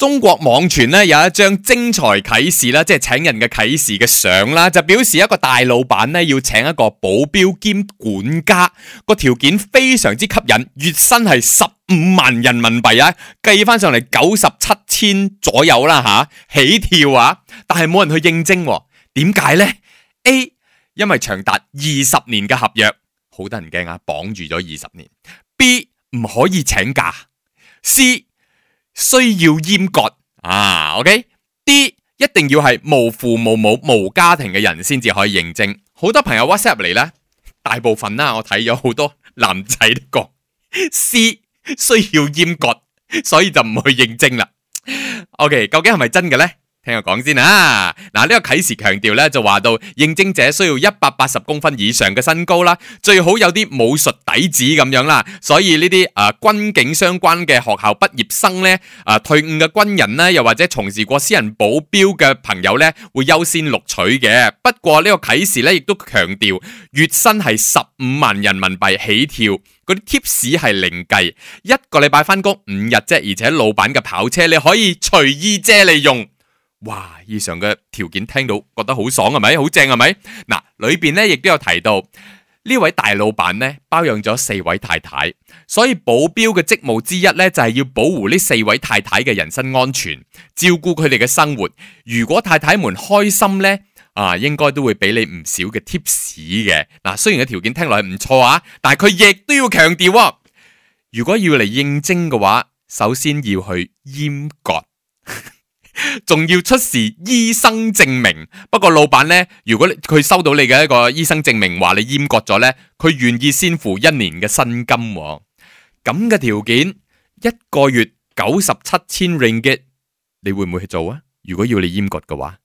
中國網傳咧有一張精彩啟示啦，即係請人嘅啟示嘅相啦，就表示一個大老闆咧要請一個保鏢兼管家，個條件非常之吸引，月薪係十五萬人民幣啊，計翻上嚟九十七千左右啦吓，起跳啊！但係冇人去應徵，點解呢？A，因為長達二十年嘅合約，好得人驚啊，綁住咗二十年；B，唔可以請假；C。需要閹割啊，OK，D、okay? 一定要係無父無母，母無家庭嘅人先至可以應徵。好多朋友 WhatsApp 嚟呢，大部分啦、啊，我睇咗好多男仔都講 C 需要閹割，所以就唔去應徵啦。OK，究竟係咪真嘅呢？聽我講先啊。嗱、這個，呢個啟事強調咧，就話到應徵者需要一百八十公分以上嘅身高啦，最好有啲武術底子咁樣啦。所以呢啲誒軍警相關嘅學校畢業生呢，誒、呃、退伍嘅軍人呢，又或者從事過私人保鏢嘅朋友呢，會優先錄取嘅。不過呢個啟事呢亦都強調月薪係十五萬人民幣起跳，嗰啲 tips 係零計，一個禮拜翻工五日啫，而且老闆嘅跑車你可以隨意借嚟用。哇！以上嘅條件聽到覺得好爽係咪？好正係咪？嗱、啊，裏邊咧亦都有提到呢位大老闆咧包養咗四位太太，所以保鏢嘅職務之一咧就係、是、要保護呢四位太太嘅人身安全，照顧佢哋嘅生活。如果太太們開心呢，啊，應該都會俾你唔少嘅 tips 嘅。嗱、啊，雖然嘅條件聽落係唔錯啊，但係佢亦都要強調、啊，如果要嚟應徵嘅話，首先要去閹割。仲要出示醫生證明，不過老闆呢，如果佢收到你嘅一個醫生證明話你閹割咗呢，佢願意先付一年嘅薪金喎，咁嘅條件一個月九十七千 ringgit，你會唔會去做啊？如果要你閹割嘅話？